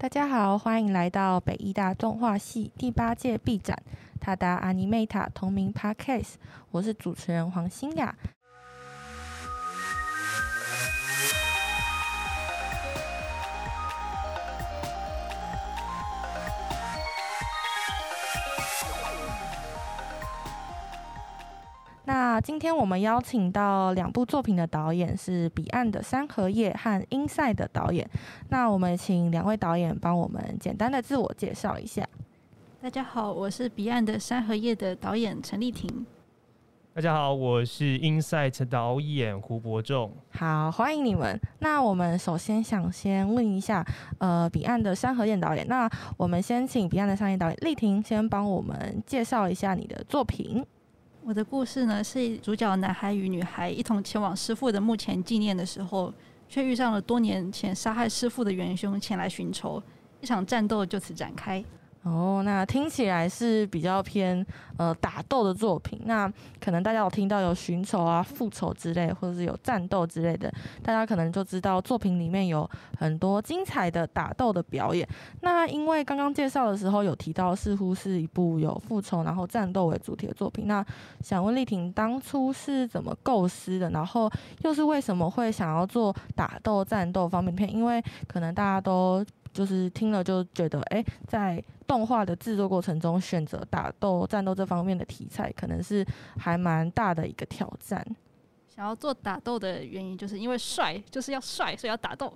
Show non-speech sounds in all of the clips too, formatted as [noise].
大家好，歡迎來到北藝大動畫系第八屆畢展《塔達阿尼梅塔》同名 Podcast，我是主持人黃欣雅。那今天我們邀請到兩部作品的導演是彼岸的山荷葉和 In.Sight 的導演。那我們請兩位導演幫我們簡單的自我介紹一下。大家好，我是彼岸的山荷葉的導演陳立婷。大家好，我是 In.Sight 導演胡博衆。好，歡迎你們。那我們首先想先問一下，呃，彼岸的山荷葉導演，那我們先請彼岸的山荷葉導演立婷先幫我們介紹一下你的作品。我的故事呢，是主角男孩與女孩一同前往師父的墓前紀念的時候，卻遇上了多年前殺害師父的元兇前來尋仇，一場戰鬥就此展開。哦，那聽起來是比較偏呃打鬥的作品。那可能大家有聽到有尋仇啊、復仇之類，或者是有戰鬥之類的，大家可能就知道作品裡面有很多精彩的打鬥的表演。那因為剛剛介紹的時候有提到，似乎是一部有復仇然後戰鬥為主題的作品。那想問立婷，當初是怎麼構思的？然後又是為什麼會想要做打鬥戰鬥方面片？因為可能大家都。就是聽了就覺得，哎、欸，在動畫的制作過程中，選擇打鬥、戰鬥這方面的題材，可能是還蠻大的一個挑戰。想要做打鬥的原因，就是因為帥，就是要帥，所以要打鬥，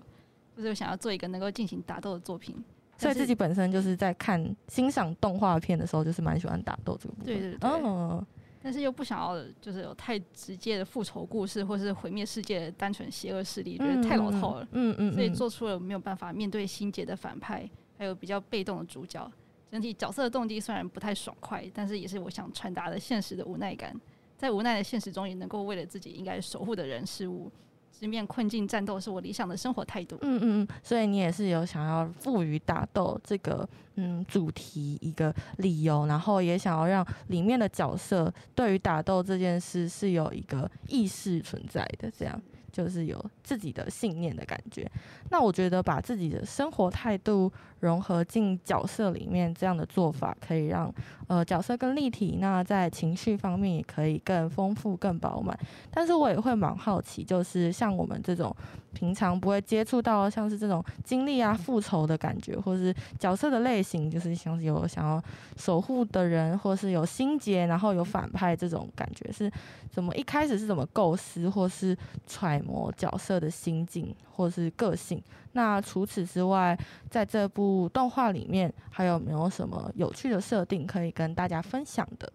就是想要做一個能夠進行打鬥的作品。是所以自己本身就是在看欣賞動畫片的時候，就是蠻喜歡打鬥這個部分。對對對。哦但是又不想要，就是有太直接的復仇故事，或是毀滅世界的單純邪惡勢力，嗯嗯，覺得太老套了。嗯嗯。所以做出了沒有辦法面對心結的反派，還有比較被動的主角，整體角色的動機雖然不太爽快，但是也是我想傳達的現實的無奈感，在無奈的現實中也能夠為了自己應該守護的人事物。直面困境，戰鬥是我理想的生活態度。嗯嗯嗯，所以你也是有想要賦予打鬥這個嗯主題一個理由，然後也想要讓裡面的角色對於打鬥這件事是有一個意識存在的這樣。就是有自己的信念的感覺。那我覺得把自己的生活態度融合進角色裡面，這樣的做法可以讓呃角色更立體，那在情緒方面也可以更豐富、更飽滿。但是我也會蠻好奇，就是像我們這種。平常不會接觸到像是這種經歷啊、復仇的感覺，或是角色的類型，就是像是有想要守護的人，或是有心結，然後有反派這種感覺，是怎麼一開始是怎麼構思或是揣摩角色的心境或是個性？那除此之外，在這部動畫裡面還有沒有什麼有趣的設定可以跟大家分享的？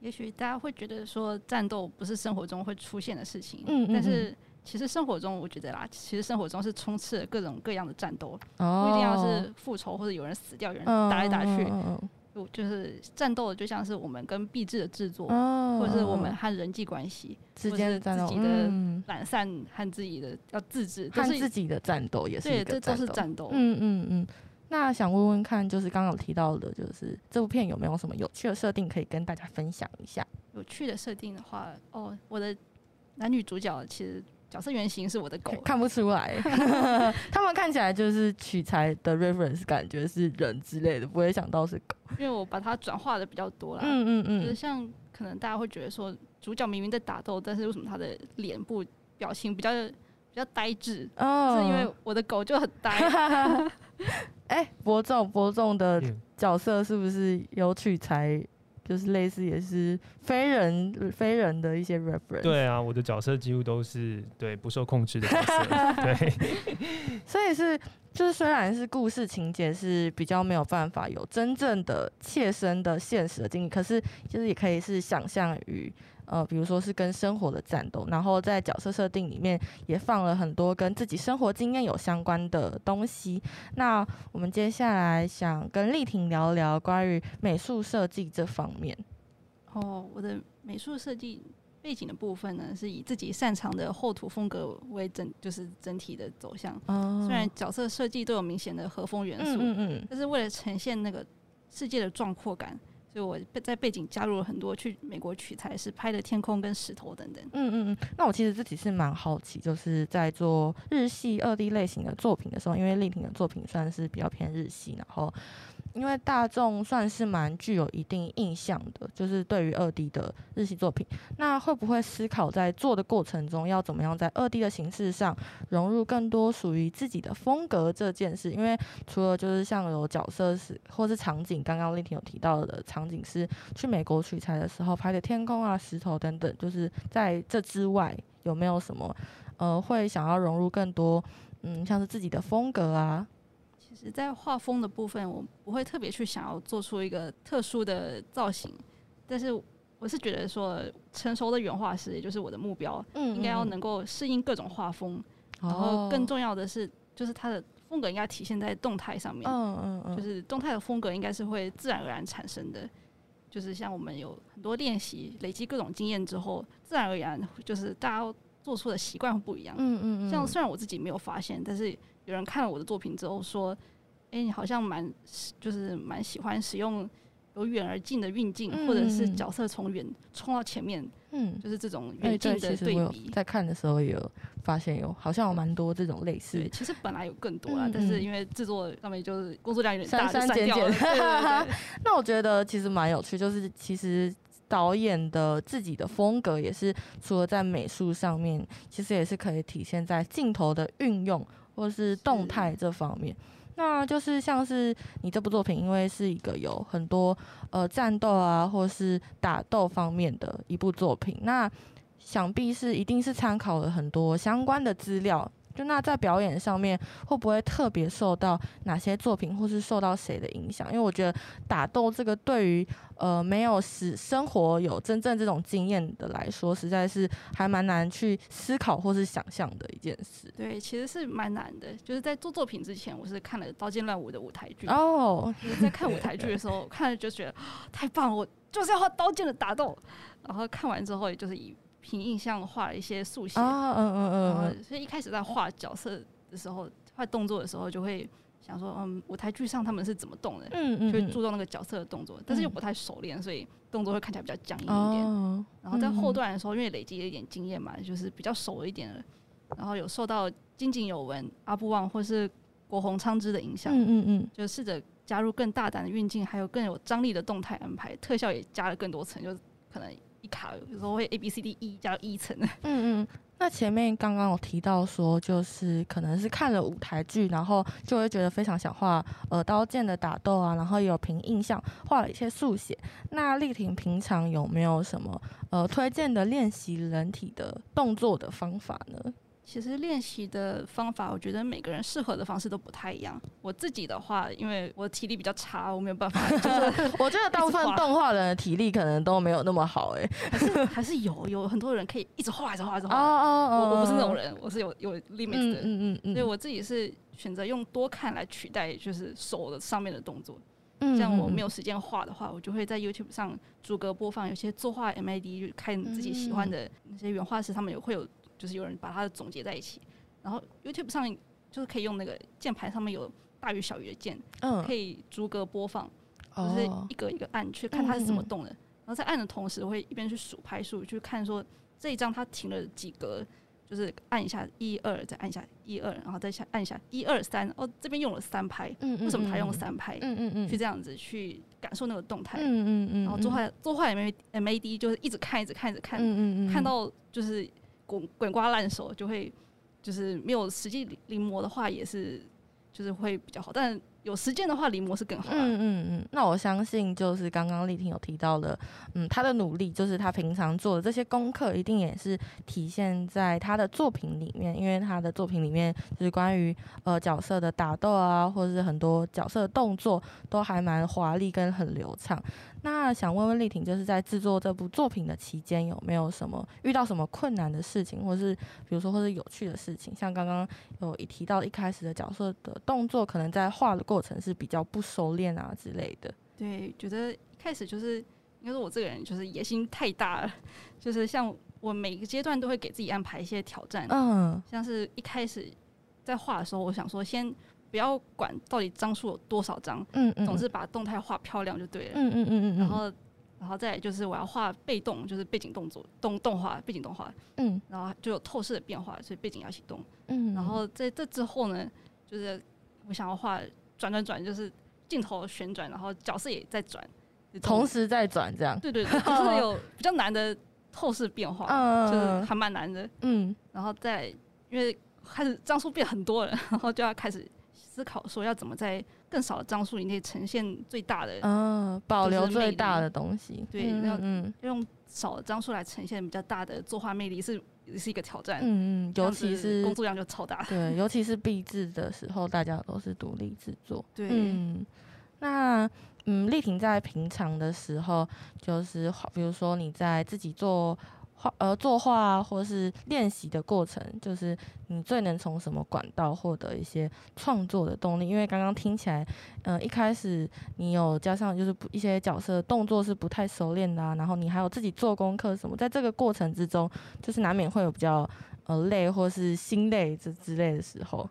也許大家會覺得說戰鬥不是生活中會出現的事情，嗯，嗯，嗯，但是。其實生活中，我覺得啦，其實生活中是充斥着各種各樣的戰鬥，不，oh. 一定要是復仇或者有人死掉，有人打來打去，oh. 就是戰鬥的，就像是我們跟畢製的制作，oh. 或者是我們和人際關係之間的戰鬥，自己的懶散和自己的要自制，嗯，就是自己的戰鬥也是戰。對，這都是戰鬥，嗯。嗯嗯嗯。那想問問看，就是剛剛有提到的，就是這部片有沒有什麼有趣的設定可以跟大家分享一下？有趣的設定的話，哦，我的男女主角其實。角色原型是我的狗，看不出來， [laughs] [laughs] 他們看起來就是取材的 reference 感覺是人之類的，不會想到是狗。因為我把它轉化的比較多啦。嗯嗯嗯，就是像可能大家會覺得說，主角明明在打鬥，但是為什麼他的臉部表情比較比較呆滯？哦，是因為我的狗就很呆。哎、 [laughs] [laughs] 欸，博衆博衆的角色是不是有取材？就是類似，也是非人非人的一些 reference。對啊，我的角色幾乎都是對不受控制的角色， [laughs] 對。 [laughs] 所以是就是，雖然是故事情節是比較沒有辦法有真正的切身的現實的經歷，可是就是也可以是想象於。呃，比如說是跟生活的戰鬥，然後在角色設定裡面也放了很多跟自己生活經驗有相關的東西。那我們接下來想跟立婷聊聊關於美術設計這方面。哦，我的美術設計背景的部分呢，是以自己擅長的厚塗風格為整，就是整體的走向。哦。雖然角色設計都有明顯的和風元素，嗯嗯嗯。但是為了呈現那個世界的壯闊感。所以我在背景加入了很多去美國取材是，拍的天空跟石頭等等。嗯嗯嗯。那我其實自己是蠻好奇，就是在做日系二 D 類型的作品的時候，因為麗萍的作品算是比較偏日系，然後。因為大眾算是蠻具有一定印象的，就是對於二 D 的日系作品，那會不會思考在做的過程中要怎麼樣在二 D 的形式上融入更多屬於自己的風格這件事？因為除了就是像有角色是或是場景，剛剛立婷有提到的場景是去美國取材的時候拍的天空啊、石頭等等，就是在這之外有沒有什麼呃會想要融入更多嗯像是自己的風格啊？其實，在畫風的部分，我不會特別去想要做出一個特殊的造型，但是我是覺得說，成熟的原畫師，也就是我的目標，嗯嗯應該要能夠適應各種畫風，然後更重要的是，就是它的風格應該體現在動態上面，哦、就是動態的風格應該是會自然而然產生的，就是像我們有很多練習，累積各種經驗之後，自然而然就是大家做出的習慣不一樣，嗯嗯嗯像雖然我自己沒有發現，但是。有人看了我的作品之後說：“哎、欸，你好像蠻就是蠻喜歡使用由遠而近的運鏡，嗯、或者是角色從遠衝到前面，嗯，就是這種遠近的對比。對”其實在看的時候也有發現有，有好像有蠻多這種類似對。其實本來有更多啦，嗯嗯但是，因為制作上面就是工作量有點大，刪刪減減，那我覺得其實蠻有趣，就是其實導演的自己的風格也是，除了在美術上面，其實也是可以體現在鏡頭的運用。或是動態這方面，是那就是像是你這部作品，因為是一個有很多呃戰鬥啊，或是打鬥方面的一部作品，那想必是一定是參考了很多相關的資料。就那在表演上面會不會特別受到哪些作品，或是受到誰的影響？因為我覺得打鬥這個對於呃沒有使生活有真正這種經驗的來說，實在是還蠻難去思考或是想象的一件事。對，其實是蠻難的。就是在做作品之前，我是看了《刀劍亂舞》的舞台劇哦。Oh，在看舞台劇的時候， [laughs] 我看了就覺得，哦，太棒了，我就是要畫刀劍的打鬥。然後看完之後，也就是以憑印象畫了一些速寫，嗯嗯嗯，所以一開始在畫角色的時候，畫動作的時候，就會想說，嗯，舞台劇上他們是怎麼動的，嗯、就會注重那個角色的動作，嗯、但是又不太熟練，所以動作會看起來比較僵硬一點。Oh, oh, oh, oh, oh, 然後在後段的時候，嗯、因為累積了一點經驗嘛，就是比較熟了一點了，然後有受到津津有文、阿布旺或是國紅昌之的影響，嗯、就試着加入更大膽的運鏡，還有更有張力的動態安排，特效也加了更多層，就可能。一卡，有時候會 A B C D E 加一層。嗯嗯，那前面剛剛有提到說，就是可能是看了舞台劇，然後就會覺得非常想畫呃刀劍的打鬥啊，然後有憑印象畫了一些速寫。那立婷平常有沒有什麼呃推薦的練習人體的動作的方法呢？其實練習的方法，我覺得每個人適合的方式都不太一樣。我自己的話，因為我體力比較差，我沒有辦法。就是我覺得大部分動畫的人體力可能都沒有那麼好，哎，還是還是有有很多人可以一直畫一直畫一直畫。哦哦哦，我我不是那種人，我是有有 limit 的，嗯嗯嗯。所以我自己是選擇用多看來取代，就是手的上面的動作。嗯。像我沒有時間畫的話，我就會在 YouTube 上逐格播放，有些作畫 MAD 就看自己喜歡的那些原畫師，他們有會有。就是有人把它總結在一起，然後 YouTube 上就是可以用那個鍵盤上面有大於、小於的鍵，可以逐格播放，哦、就是一個一個按去看它是怎麼動的，嗯嗯，然後在按的同時我會一邊去數拍數，去看說這一張它停了幾格，就是按一下一二，再按一下一二，然後再下按一下一二三，哦，這邊用了三拍，嗯嗯嗯，為什麼它用了三拍？嗯嗯嗯，去這樣子去感受那個動態，嗯嗯嗯嗯，然後作畫作畫 M M A D 就是一直看一直看一直看，嗯嗯嗯，看到就是。滾瓜爛熟就會，就是沒有實際臨摹的話，也是就是會比較好。但有實踐的話，臨摹是更好嗯。嗯嗯嗯。那我相信，就是剛剛立婷有提到的，嗯，她的努力，就是她平常做的這些功課，一定也是體現在她的作品裡面。因為她的作品裡面，就是關於呃角色的打鬥啊，或者是很多角色的動作都還蠻華麗跟很流暢。那想問問立婷，就是在制作這部作品的期間，有沒有什麼遇到什麼困難的事情，或是比如說或是有趣的事情？像剛剛有一提到一開始的角色的動作，可能在畫的過程是比較不熟練啊之類的。對，覺得一開始就是，應該我這個人就是野心太大了，就是像我每個階段都會給自己安排一些挑戰，嗯，像是一開始在畫的時候，我想說先。不要管到底張數有多少張，總是把動態畫漂亮就對了，嗯嗯嗯嗯，然後，然後再就是我要畫背動，就是背景動作動動畫，背景動畫，嗯，然後就有透視的變化，所以背景要啟動，嗯，然後在這之後呢，就是我想要畫轉轉轉，就是鏡頭旋轉，然後角色也在轉，同時在轉，這樣，對對對，就是有比較難的透視變化，嗯，就是還蠻難的，嗯，然後再因為開始張數變很多了，然後就要開始。思考說要怎麼在更少的張數以內呈現最大的，嗯，保留最大的東西，對，要嗯，要用少的張數來呈現比較大的作畫魅力是、嗯、是一個挑戰，嗯嗯，尤其是工作量就超大，對，尤其是畢製的時候， [laughs] 大家都是獨立製作，對嗯，嗯，那嗯，立婷在平常的時候就是，好，比如說你在自己做。畫呃作畫啊，做或是練習的過程，就是你最能從什麼管道獲得一些創作的動力？因為剛剛聽起來，嗯、呃，一開始你有加上就是一些角色動作是不太熟練的啊，然後你還有自己做功課什麼，在這個過程之中，就是難免會有比較呃累或是心累這之類的時候。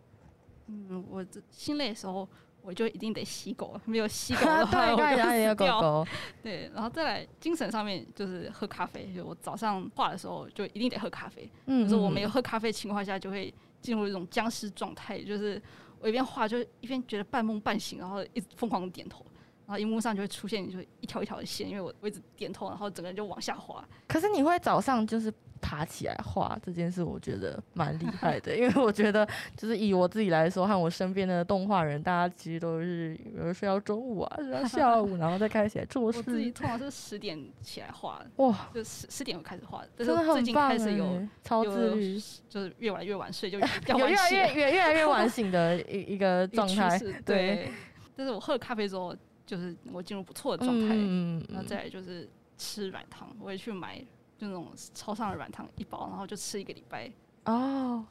嗯，我這心累的時候。我就一定得吸狗，沒有吸狗的話， [laughs] 對我就死掉。 [laughs] 對，然後再來精神上面，就是喝咖啡。就我早上畫的時候，就一定得喝咖啡。嗯，嗯，就是我沒有喝咖啡情況下，就會進入一種殭屍狀態。就是我一邊畫，就一邊覺得半夢半醒，然後一直瘋狂的點頭，然後熒幕上就會出現，就一條一條的線，因為我我一直點頭，然後整個人就往下滑。可是你會早上就是。爬起來畫這件事，我覺得蠻厲害的， [laughs] 因為我覺得就是以我自己來說，和我身邊的動畫人，大家其實都是比如睡到中午啊，睡到下午然後再開起來做事。我自己通常是十點起來畫，哇，就十十點開始畫。真的好棒。最近開始有,有超自律，就是越來越晚睡，就我越,越,越來越越越來越晚醒的一一個狀態。 [laughs] 對，對但是我喝了咖啡之後，就是我進入不錯的狀態。嗯那再就是吃軟糖，我也去買。就那種超上的軟糖一包，然後就吃一個禮拜哦，Oh.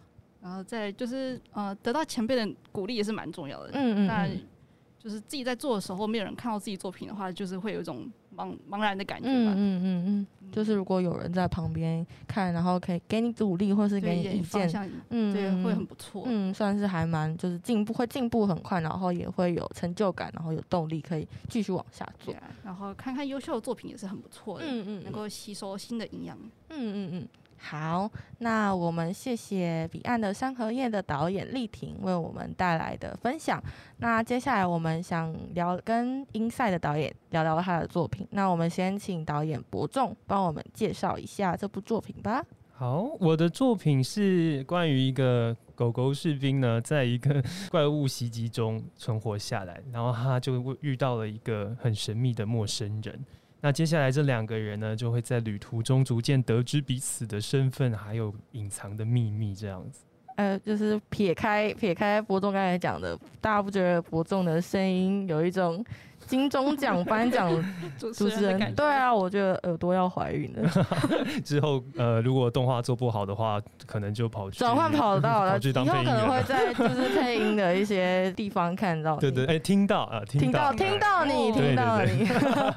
然後再就是呃，得到前輩的鼓勵也是蠻重要的。嗯嗯、mm，那、hmm. 就是自己在做的時候，沒有人看到自己作品的話，就是會有一種茫茫然的感覺吧。嗯嗯嗯。Hmm. 就是如果有人在旁邊看，然後可以給你鼓勵或是給你意見，嗯，對，會很不錯，嗯，算是還蠻就是進步，會進步很快，然後也會有成就感，然後有動力可以繼續往下做，啊，然後看看優秀的作品也是很不錯的，嗯嗯，嗯嗯能夠吸收新的營養，嗯，嗯嗯嗯。好，那我們謝謝彼岸的山荷葉的導演立婷為我們帶來的分享。那接下來我們想聊跟 In．Sight 的導演聊聊他的作品。那我們先請導演博衆幫我們介紹一下這部作品吧。好，我的作品是關於一個狗狗士兵呢，在一個怪物襲擊中存活下來，然後他就遇到了一個很神秘的陌生人。那接下來這兩個人呢，就會在旅途中逐漸得知彼此的身份，還有隱藏的秘密，這樣子。呃，就是撇開撇開博衆剛才講的，大家不覺得博衆的聲音有一種？金鐘獎頒獎主持人，對啊，我覺得耳朵要懷孕了。啊、 [laughs] 之後，呃，如果動畫做不好的話，可能就跑去轉換跑道 [laughs] 了。以後可能會在就是配音的一些地方看到。對，對對，哎、欸，聽到啊，聽到，聽到，聽到你，聽到你。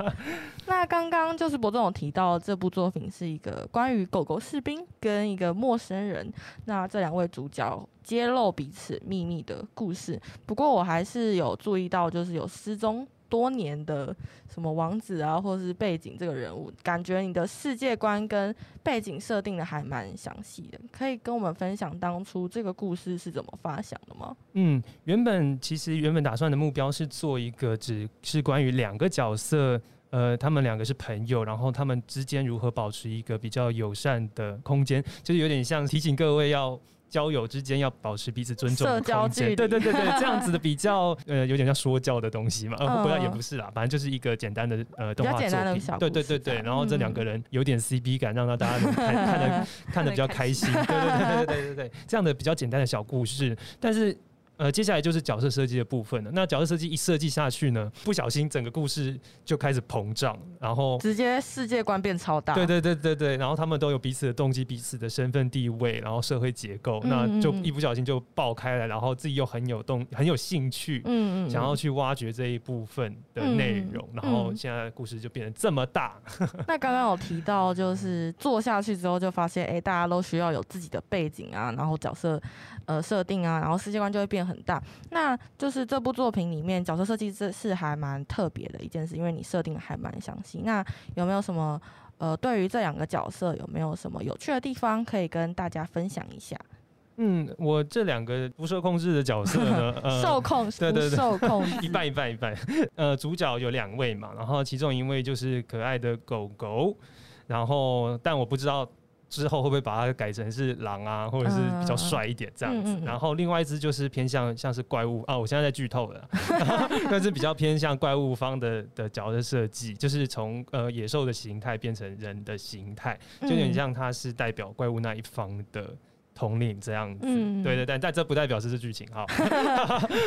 [laughs] 那剛剛就是博衆有提到這部作品是一個關於狗狗士兵跟一個陌生人，那這兩位主角揭露彼此秘密的故事。不過我還是有注意到，就是有失蹤。多年的什麼王子啊，或者是背景這個人物，感覺你的世界觀跟背景設定的還蠻詳細的。可以跟我們分享當初這個故事是怎麼發想的嗎？嗯，原本其實原本打算的目標是做一個只是關於兩個角色，呃，他們兩個是朋友，然後他們之間如何保持一個比較友善的空間，就是有點像提醒各位要。交友之間要保持彼此尊重的空間，對對對對，這樣子的比較， [laughs] 呃，有點像說教的東西嘛，呃，呃不要也不是啦，反正就是一個簡單的呃，動畫作品。對對對對，然後這兩個人有點 CP 感，讓到大家能看的、嗯、看的比較開心，開心對對對對對對對，這樣的比較簡單的小故事，但是。呃，接下來就是角色設計的部分了。那角色設計一設計下去呢，不小心整個故事就開始膨脹，然後直接世界觀變超大。對對對對對，然後他們都有彼此的動機、彼此的身份地位，然後社會結構，嗯嗯嗯，那就一不小心就爆開了。然後自己又很有動、很有興趣，嗯嗯，想要去挖掘這一部分的內容。然後現在故事就變得這麼大。嗯嗯 [laughs] 那剛剛有提到，就是做下去之後就發現，哎、欸，大家都需要有自己的背景啊，然後角色呃設定啊，然後世界觀就會變很大，那就是這部作品裡面角色設計這是還蠻特別的一件事，因為你設定的還蠻詳細。那有沒有什麼呃，對於這兩個角色有沒有什麼有趣的地方可以跟大家分享一下？嗯，我這兩個不受控制的角色， [laughs] 呃、受控，對對對，受控，一半一半一半。呃，主角有兩位嘛，然後其中一位就是可愛的狗狗，然後但我不知道。之後會不會把它改成是狼啊，或者是比較帥一點這樣子？然後另外一隻就是偏向像是怪物啊，我現在在劇透了，但是比較偏向怪物方的的角色設計，就是從呃野獸的形態變成人的形態，就有點像它是代表怪物那一方的統領這樣子。對對對，但這不代表是劇情哈。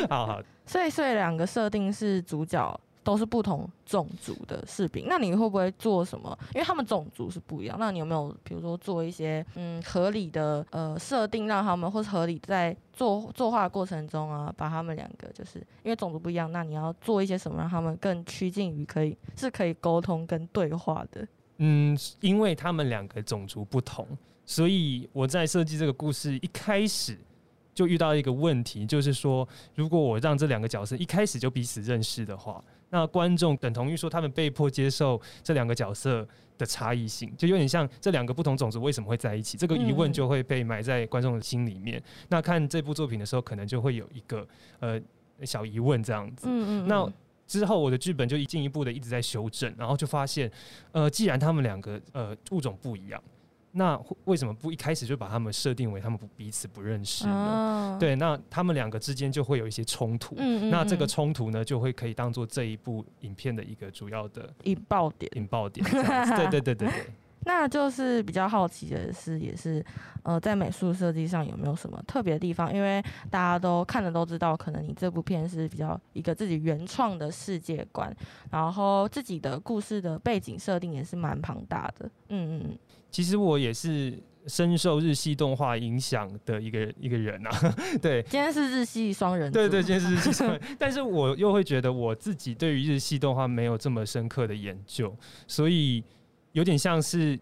好好， [laughs] 所以所以兩個設定是主角。都是不同種族的士兵，那你會不會做什麼？因為他們種族是不一樣，那你有沒有比如說做一些嗯合理的呃設定，讓他們或是合理在做作畫的過程中啊，把他們兩個就是因為種族不一樣，那你要做一些什麼讓他們更趨近於可以是可以溝通跟對話的？嗯，因為他們兩個種族不同，所以我在設計這個故事一開始就遇到一個問題，就是說如果我讓這兩個角色一開始就彼此認識的話。那觀眾等同於說，他們被迫接受這兩個角色的差異性，就有點像這兩個不同種族為什麼會在一起，這個疑問就會被埋在觀眾的心裡面。嗯。那看這部作品的時候，可能就會有一個呃小疑問這樣子。嗯嗯。那之後我的劇本就一進一步的一直在修正，然後就發現，呃，既然他們兩個呃物種不一樣。那為什麼不一開始就把他們設定為他們不彼此不認識呢？Uh, 對，那他們兩個之間就會有一些衝突。嗯，嗯，嗯，那這個衝突呢，就會可以當做這一部影片的一個主要的引爆點。引爆點。對對對對對。 [laughs] 那就是比較好奇的是，也是呃，在美術設計上有沒有什麼特別的地方？因為大家都看的都知道，可能你這部片是比較一個自己原創的世界觀，然後自己的故事的背景設定也是蠻龐大的。嗯嗯。其實我也是深受日系動畫影響的一個一個人啊，對人對，對，今天是日系雙人，對對，今天是日系雙人，但是我又會覺得我自己對於日系動畫沒有這麼深刻的研究，所以有點像是。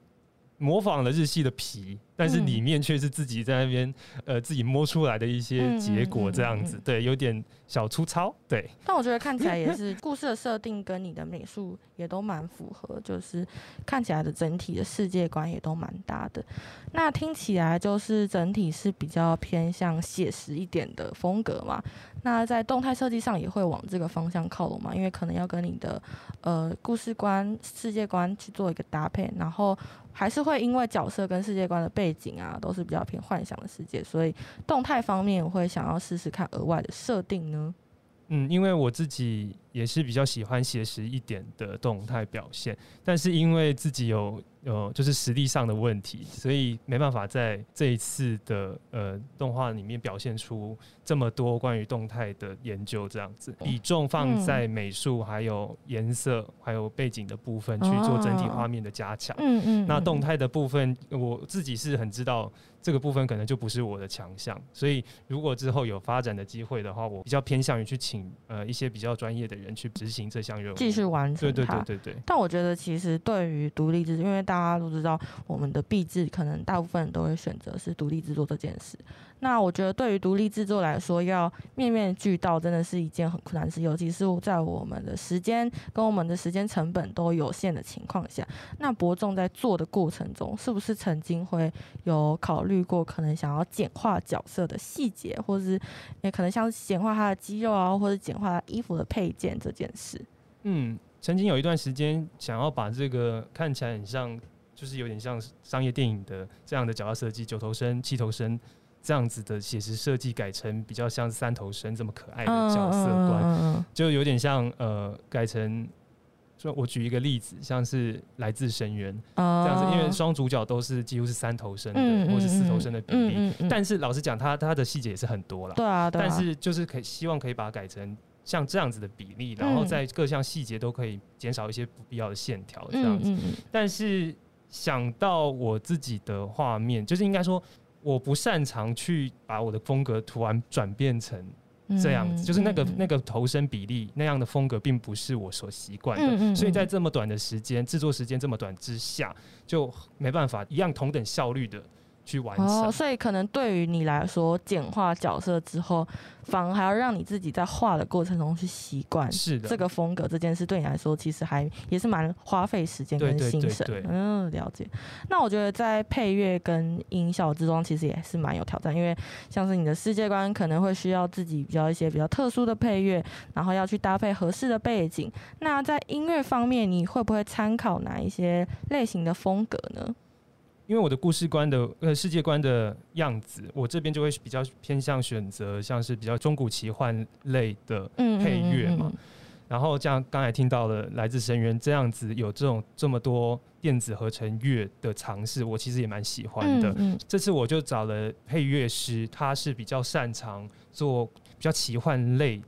模仿了日系的皮，但是裡面卻是自己在那邊呃自己摸出來的一些結果，這樣子，嗯嗯嗯嗯嗯，對，有點小粗糙，對。但我覺得看起來也是故事的設定跟你的美術也都蠻符合，就是看起來的整體的世界觀也都蠻搭的。那聽起來就是整體是比較偏向寫實一點的風格嘛？那在動態設計上也會往這個方向靠攏嘛？因為可能要跟你的，呃，故事觀、世界觀去做一個搭配，然後還是會因為角色跟世界觀的背景啊，都是比較偏幻想的世界，所以動態方面會想要試試看額外的設定呢？嗯，因為我自己也是比較喜歡寫實一點的動態表現，但是因為自己有呃，就是實力上的問題，所以沒辦法在這一次的呃，動畫裡面表現出這麼多關於動態的研究這樣子，比重放在美術還有顏色還有背景的部分去做整體畫面的加強。嗯嗯，那動態的部分我自己是很知道。這個部分可能就不是我的強項，所以如果之後有發展的機會的話，我比較偏向於去請呃一些比較專業的人去執行這項任務，繼續完成它。對對對對，對，對，但我覺得其實對於獨立制，因為大家都知道，我們的畢製可能大部分都會選擇是獨立制作這件事。那我覺得，對於獨立制作來說，要面面俱到，真的是一件很困難的事，尤其是在我們的時間跟我們的時間成本都有限的情況下。那博衆在做的過程中，是不是曾經會有考慮過，可能想要簡化角色的細節，或是也，可能像簡化他的肌肉啊，或者簡化衣服的配件這件事？嗯，曾經有一段時間，想要把這個看起來很像，就是有點像商業電影的這樣的角色設計，九頭身、七頭身。這樣子的寫實設計改成比較像是三頭身這麼可愛的角色觀，就有點像呃，改成，說我舉一個例子，像是來自深淵，哦，這樣子，因為雙主角都是幾乎是三頭身的，嗯嗯嗯，或是四頭身的比例。嗯嗯嗯嗯嗯，但是老實講，它、它的細節也是很多了。對啊，對啊，但是就是可以希望可以把它改成像這樣子的比例，然後在各項細節都可以減少一些不必要的線條這樣子。嗯嗯嗯，但是想到我自己的畫面，就是應該說。我不擅長去把我的風格突然轉變成這樣子，就是那個那個頭身比例那樣的風格，並不是我所習慣的，所以在這麼短的時間、製作時間這麼短之下，就沒辦法一樣同等效率的。去完成哦，所以可能對於你來說，簡化角色之後，反而還要讓你自己在畫的過程中去習慣是的。這個風格這件事，對你來說其實還也是蠻花費時間跟精神。對對對對，嗯，了解。那我覺得在配樂跟音效之中，其實也是蠻有挑戰，因為像是你的世界觀可能會需要自己比較一些比較特殊的配樂，然後要去搭配合適的背景。那在音樂方面，你會不會參考哪一些類型的風格呢？因為我的故事觀的呃世界觀的樣子，我這邊就會比較偏向選擇像是比較中古奇幻類的配樂嘛。嗯嗯嗯嗯，然後像剛才聽到了來自深淵，這樣子有這種這麼多電子合成樂的嘗試，我其實也蠻喜歡的。嗯嗯，這次我就找了配樂師，他是比較擅長做比較奇幻類。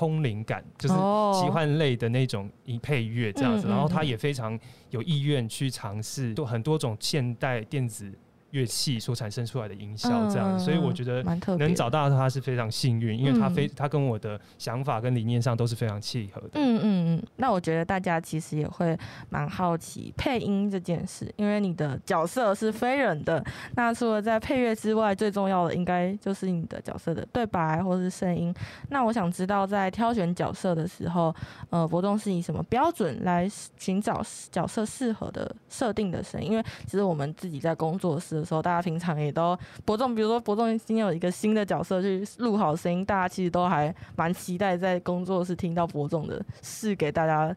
空靈感就是奇幻類的那種配樂這樣子，oh. 然後他也非常有意願去嘗試做很多種現代電子樂器所產生出來的音效，這樣，所以我覺得能找到他是非常幸運，因為他非他跟我的想法跟理念上都是非常契合的。嗯嗯嗯，那我覺得大家其實也會蠻好奇配音這件事，因為你的角色是非人的。那除了在配樂之外，最重要的應該就是你的角色的對白或是聲音。那我想知道在挑選角色的時候，呃，博衆是以什麼標準來尋找角色適合的設定的聲音？因為其實我們自己在工作室的時候，大家平常也都博眾，比如說博眾今天有一個新的角色去錄好聲音，大家其實都還蠻期待在工作室聽到博眾的試給大家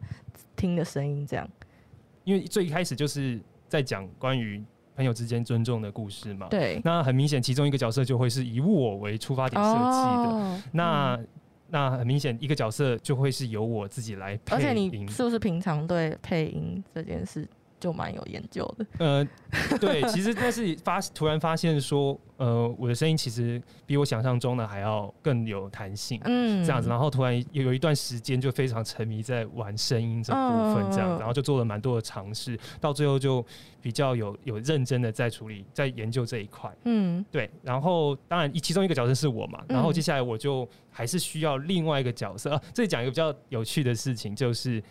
聽的聲音，這樣。因為最一開始就是在講關於朋友之間尊重的故事嘛。對。那很明顯，其中一個角色就會是以我為出發點設計的。Oh, 那、嗯、那很明顯，一個角色就會是由我自己來配音。而且你是不是平常對配音這件事，就蠻有研究的，嗯、呃，對，其實但是發突然發現說， [laughs] 呃，我的聲音其實比我想象中的還要更有彈性，嗯，這樣子，然後突然有有一段時間就非常沉迷在玩聲音這部分，哦、這樣，然後就做了蠻多的嘗試，到最後就比較有有認真的在處理，在研究這一塊，嗯，對，然後當然一其中一個角色是我嘛，然後接下來我就還是需要另外一個角色、嗯、啊，這裡講一個比較有趣的事情就是。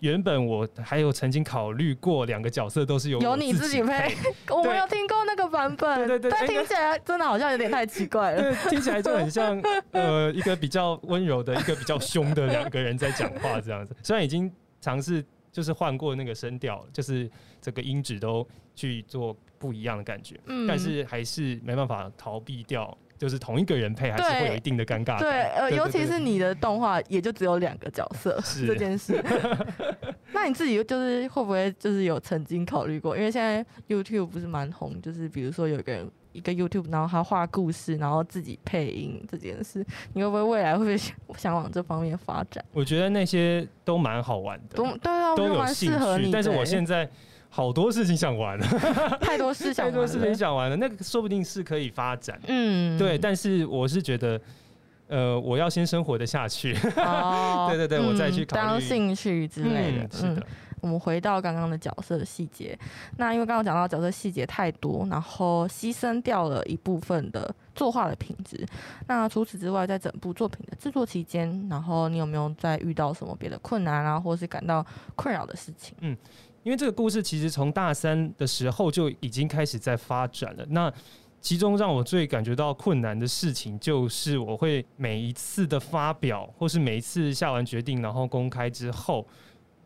原本我還有曾經考慮過兩個角色都是由有你自己配。對我沒有聽過那個版本，對對對，但聽起來真的好像有點太奇怪了。聽起來就很像 [laughs] 呃，一個比較溫柔的，一個比較凶的兩個人在講話這樣子。雖然已經嘗試就是換過那個聲調，就是整個音質都去做不一樣的感覺，嗯，但是還是沒辦法逃避掉。就是同一個人配還是會有一定的尷尬。對，呃，尤其是你的動畫也就只有兩個角色是這件事。 [laughs] 那你自己就是會不會就是有曾經考慮過？因為現在 YouTube 不是蠻紅，就是比如說有個人一個，一個 YouTube，然後他畫故事，然後自己配音這件事，你會不會未來會不會想往這方面發展？我覺得那些都蠻好玩的，都對啊，都有興趣。但是我現在。好多事情想玩了，太多事情，太多事情想玩了， [laughs] 那個說不定是可以發展。嗯，對，但是我是覺得，呃，我要先生活得下去。哦、 [laughs] 對對對，我再去考慮、嗯、當興趣之類的嗯。是的嗯，我們回到剛剛的角色的細節。那因為剛剛講到角色細節太多，然後犧牲掉了一部分的作畫的品質。那除此之外，在整部作品的制作期間，然後你有沒有再遇到什麼別的困難啊，或是感到困擾的事情？嗯。因為這個故事其實從大三的時候就已經開始在發展了。那其中讓我最感覺到困難的事情，就是我會每一次的發表，或是每一次下完決定，然後公開之後。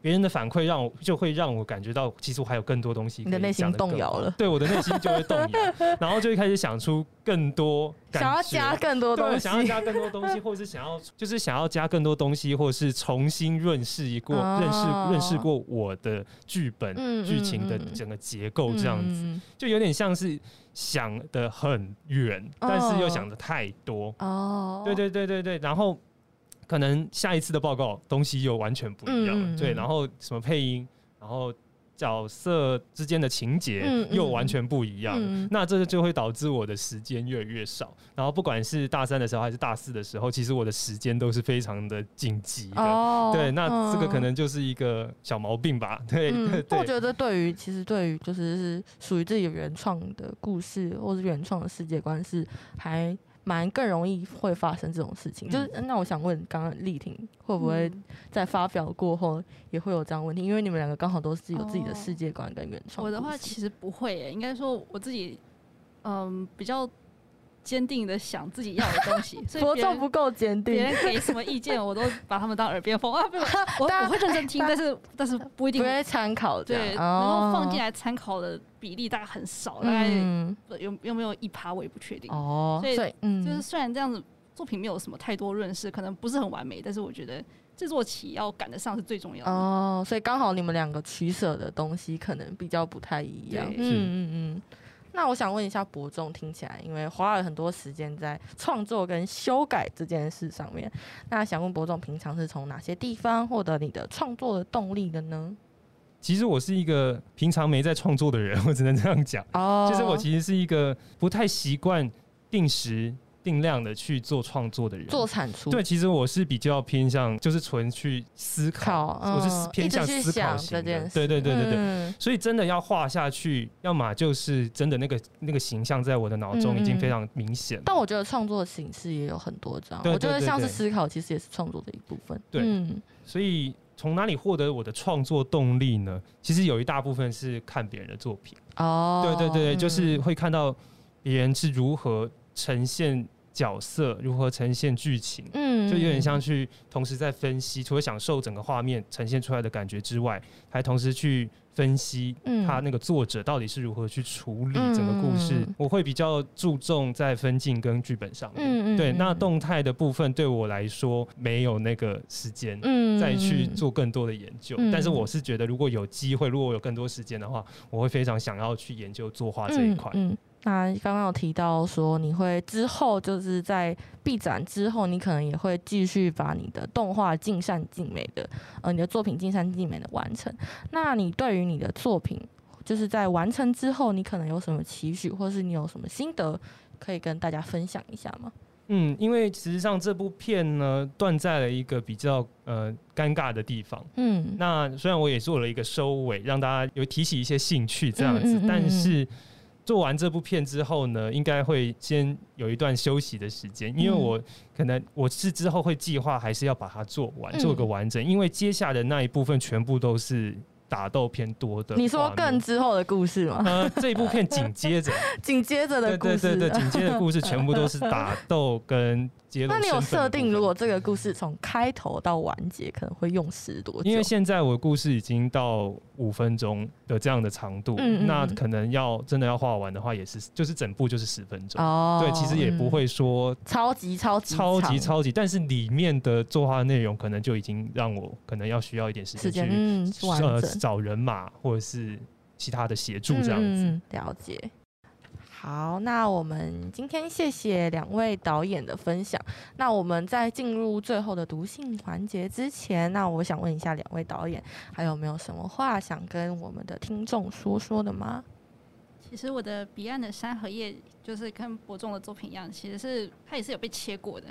別人的反饋讓我就會讓我感覺到，其實我還有更多東西可以。你的內心動搖了？對，對，我的內心就會動搖， [laughs] 然後就會開始想出更多感覺，想要加更多對，想要加更多東西，想要加更多東西，或者是想要就是想要加更多東西，或者是重新認識過、哦、認識認識過我的劇本、劇、嗯嗯嗯、情的整個結構，這樣子嗯嗯嗯就有點像是想得很遠，哦、但是又想得太多哦。對對對對對，然後。可能下一次的報告東西又完全不一樣，嗯、對，然後什麼配音，然後角色之間的情節又完全不一樣，嗯嗯、那這個就會導致我的時間越來越少。然後不管是大三的時候還是大四的時候，其實我的時間都是非常的緊急的。哦、對，那這個可能就是一個小毛病吧。嗯、對。嗯、對我覺得對於其實對於就是是屬於自己原創的故事或是原創的世界觀是還。蠻更容易會發生這種事情，嗯、就是那我想問剛剛，剛剛立婷會不會在發表過後也會有這樣問題？因為你們兩個剛好都是有自己的世界觀跟原創。我的話其實不會、欸，應該說我自己，嗯，比較。堅定的想自己要的東西，所以博衆，不夠堅定，別人給什麼意見我都把他們當耳邊風啊！不，我我會認真聽，但是但是不一定，不會參考這樣，然後放進來參考的比例大概很少，大概有有沒有一趴我也不確定。哦，所以嗯，就是雖然這樣子作品沒有什麼太多潤飾，可能不是很完美，但是我覺得製作期要趕得上是最重要的。哦，所以剛好你們兩個取舍的東西可能比較不太一樣。嗯嗯嗯。那我想問一下博衆，聽起來因為花了很多時間在創作跟修改這件事上面，那想問博衆，平常是從哪些地方獲得你的創作的動力的呢？其實我是一個平常沒在創作的人，我只能這樣講。哦，oh. 就是我其實是一個不太習慣定時。定量的去做創作的人，做產出對，其實我是比較偏向，就是純去思考，我是偏向思考型的，對對對對對,對。所以真的要畫下去，要麼就是真的那個那個形象在我的腦中已經非常明顯。但我覺得創作形式也有很多種，我覺得像是思考其實也是創作的一部分。對，所以從哪裡獲得我的創作動力呢？其實有一大部分是看別人的作品。哦，對對對,對，就是會看到別人是如何。呈現角色、如何呈現劇情，嗯，就有點像去同時在分析，除了享受整個畫面呈現出來的感覺之外，還同時去分析，他那個作者到底是如何去處理整個故事。嗯、我會比較注重在分鏡跟劇本上面，嗯嗯。對，那動態的部分對我來說沒有那個時間，嗯，再去做更多的研究。嗯、但是我是覺得，如果有機會，如果我有更多時間的話，我會非常想要去研究作畫這一塊，嗯，嗯。那剛剛有提到說，你會之後就是在畢展之後，你可能也會繼續把你的動畫盡善盡美的，呃，你的作品盡善盡美的完成。那你對於你的作品，就是在完成之後，你可能有什麼期許，或是你有什麼心得，可以跟大家分享一下嗎？嗯，因為實際上這部片呢，斷在了一個比較呃尷尬的地方。嗯，那雖然我也做了一個收尾，讓大家有提起一些興趣這樣子，嗯嗯嗯嗯，但是。做完這部片之後呢，應該會先有一段休息的時間，因為我可能我是之後會計劃還是要把它做完，嗯、做個完整，因為接下來的那一部分全部都是打鬥偏多的。你說更之後的故事嗎？呃，這一部片緊接着緊 [laughs] 接着的故事，對，對對對，緊接着的故事全部都是打鬥跟。那你有設定，如果這個故事從開頭到完結，可能會用十多？因為現在我的故事已經到五分鐘的這樣的長度，嗯嗯，那可能要真的要畫完的話，也是就是整部就是十分鐘。哦，對，其實也不會說、嗯、超級超級超級超級，但是裡面的作畫內容可能就已經讓我可能要需要一點時間去時間、嗯、呃找人馬或者是其他的協助這樣子、嗯、了解。好，那我們今天謝謝兩位導演的分享。那我們在進入最後的讀信環節之前，那我想問一下兩位導演，還有沒有什麼話想跟我們的聽眾說說的嗎？其實我的《彼岸的山荷葉》就是跟博衆的作品一樣，其實是它也是有被切過的。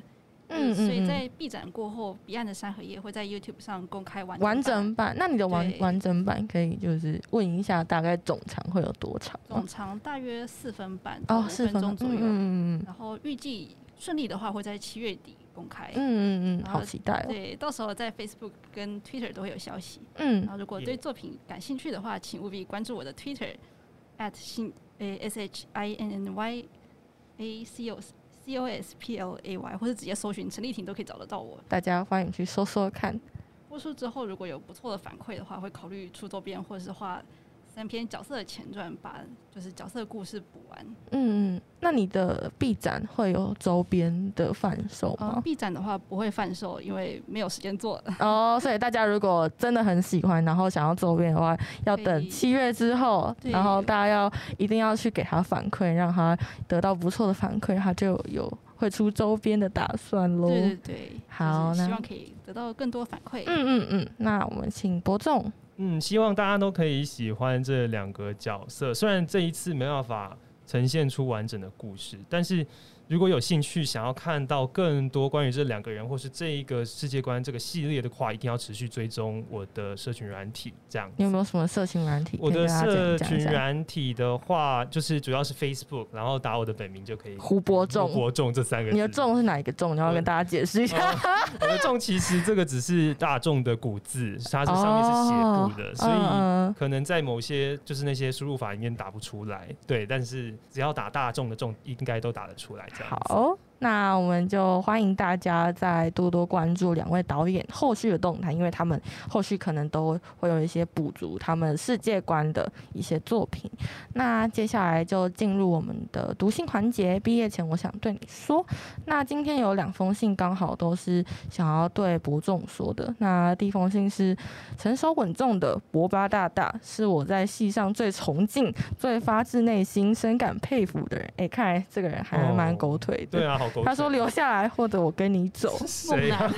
嗯，嗯，嗯，所以在閉展過後，嗯嗯，彼岸的山荷葉也會在 YouTube 上公開完整完整版。那你的完對完整版可以就是問一下，大概總長會有多長？啊，總長大約四分半，四、哦、分鐘左右。嗯嗯，嗯然後預計順利的話，會在七月底公開。嗯嗯嗯，後好期待喔。對，到時候在 Facebook 跟 Twitter 都會有消息。嗯。然後如果對作品感興趣的話，請務必關注我的 Twitter @shinyacos。Sh C O S P L A Y，或者直接搜尋陳立婷都可以找得到我。大家歡迎去搜搜看。播出之後如果有不錯的反饋的話，會考慮出周邊或者是畫，三篇角色的前傳，把就是角色的故事補完。嗯嗯，那你的畢展會有周邊的販售嗎？呃，畢展的話不會販售，因為沒有時間做了。哦，所以大家如果真的很喜歡，然後想要周邊的話，要等七月之後。可以然後大家要一定要去給他反饋，對讓他得到不錯的反饋，他就有會出周邊的打算嘍。對對對，好，那希望可以。得到更多反饋，嗯。嗯嗯嗯，那我們請博衆。嗯，希望大家都可以喜歡這兩個角色。雖然這一次沒辦法呈現出完整的故事，但是。如果有興趣想要看到更多關於這兩個人或是這一個世界觀這個系列的話，一定要持續追蹤我的社群軟體。這樣子。你有沒有什麼社群軟體？我的社群軟體的話，就是主要是 Facebook，然後打我的本名就可以。胡博衆。胡博衆這三個字。你的衆是哪一個衆？然後跟大家解釋一下。 [laughs] 嗯呃、我的衆其實這個只是大衆的古字，它是上面是血部的，oh, 所以可能在某些就是那些輸入法裡面打不出來。嗯嗯對，但是只要打大衆的衆，應該都打得出來。好。那我們就歡迎大家再多多關注兩位導演後續的動態，因為他們後續可能都會有一些補足他們世界觀的一些作品。那接下來就進入我們的讀信環節。畢業前我想對你說，那今天有兩封信，剛好都是想要對博衆說的。那第一封信是成熟穩重的博巴大大，是我在戲上最崇敬，最發自內心深感佩服的人。哎，看來這個人還是蠻狗腿的。Oh, 對啊，好。他說：“留下來，或者我跟你走。”是啊，夢男，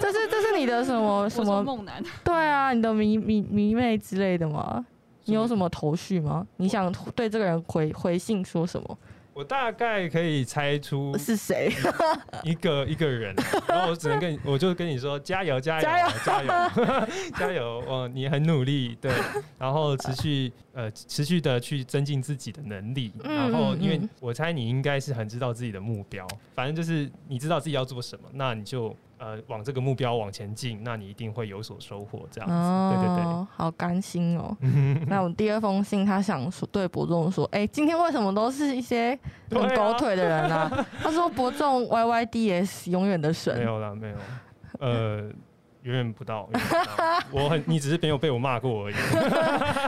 這是這是你的什麼什麼？對啊，你的迷迷迷妹之類的嗎？你有什麼頭緒嗎？你想對這個人回回信說什麼？我大概可以猜出是誰，一個，是誰 [laughs] 一，個一個人，然後我只能跟你，我就跟你說，加油，加油，加油， [laughs] 加油，加，哦，你很努力，對，然後持續 [laughs] 呃持續的去增進自己的能力， [laughs] 然後因為我猜你應該是很知道自己的目標， [laughs] 反正就是你知道自己要做什麼，那你就。呃，往這個目標往前進，那你一定會有所收穫。這樣子，哦、對對對，好甘心哦。 [laughs] 那我們第二封信，他想對博眾說，哎、欸，今天為什麼都是一些很狗腿的人呢、啊？對啊、 [laughs] 他說伯仲，博眾 Y Y D S 永遠的神。沒有啦，沒有，呃。 [laughs] 遠遠不到，不到 [laughs] 我很，你只是沒有被我罵過而已。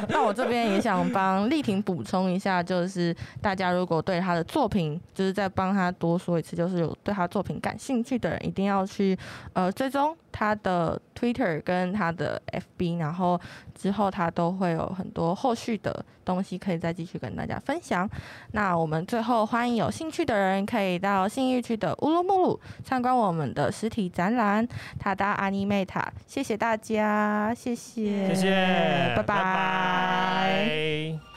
那 [laughs] [laughs] 我這邊也想幫立婷補充一下，就是大家如果對他的作品，就是再幫他多說一次，就是有對他作品感興趣的人，一定要去呃追蹤。他的 Twitter 跟他的 FB，然後之後他都會有很多後續的東西可以再繼續跟大家分享。那我們最後歡迎有興趣的人可以到信義區的烏魯木魯參觀我們的實體展覽。塔達阿尼梅塔，謝謝大家，謝謝，謝謝，拜拜。拜拜。